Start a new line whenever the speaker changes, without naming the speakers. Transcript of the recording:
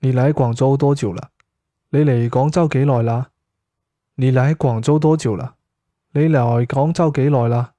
你嚟廣州多久啦？你嚟廣州幾耐啦？你嚟廣州多久啦？你嚟廣州幾耐啦？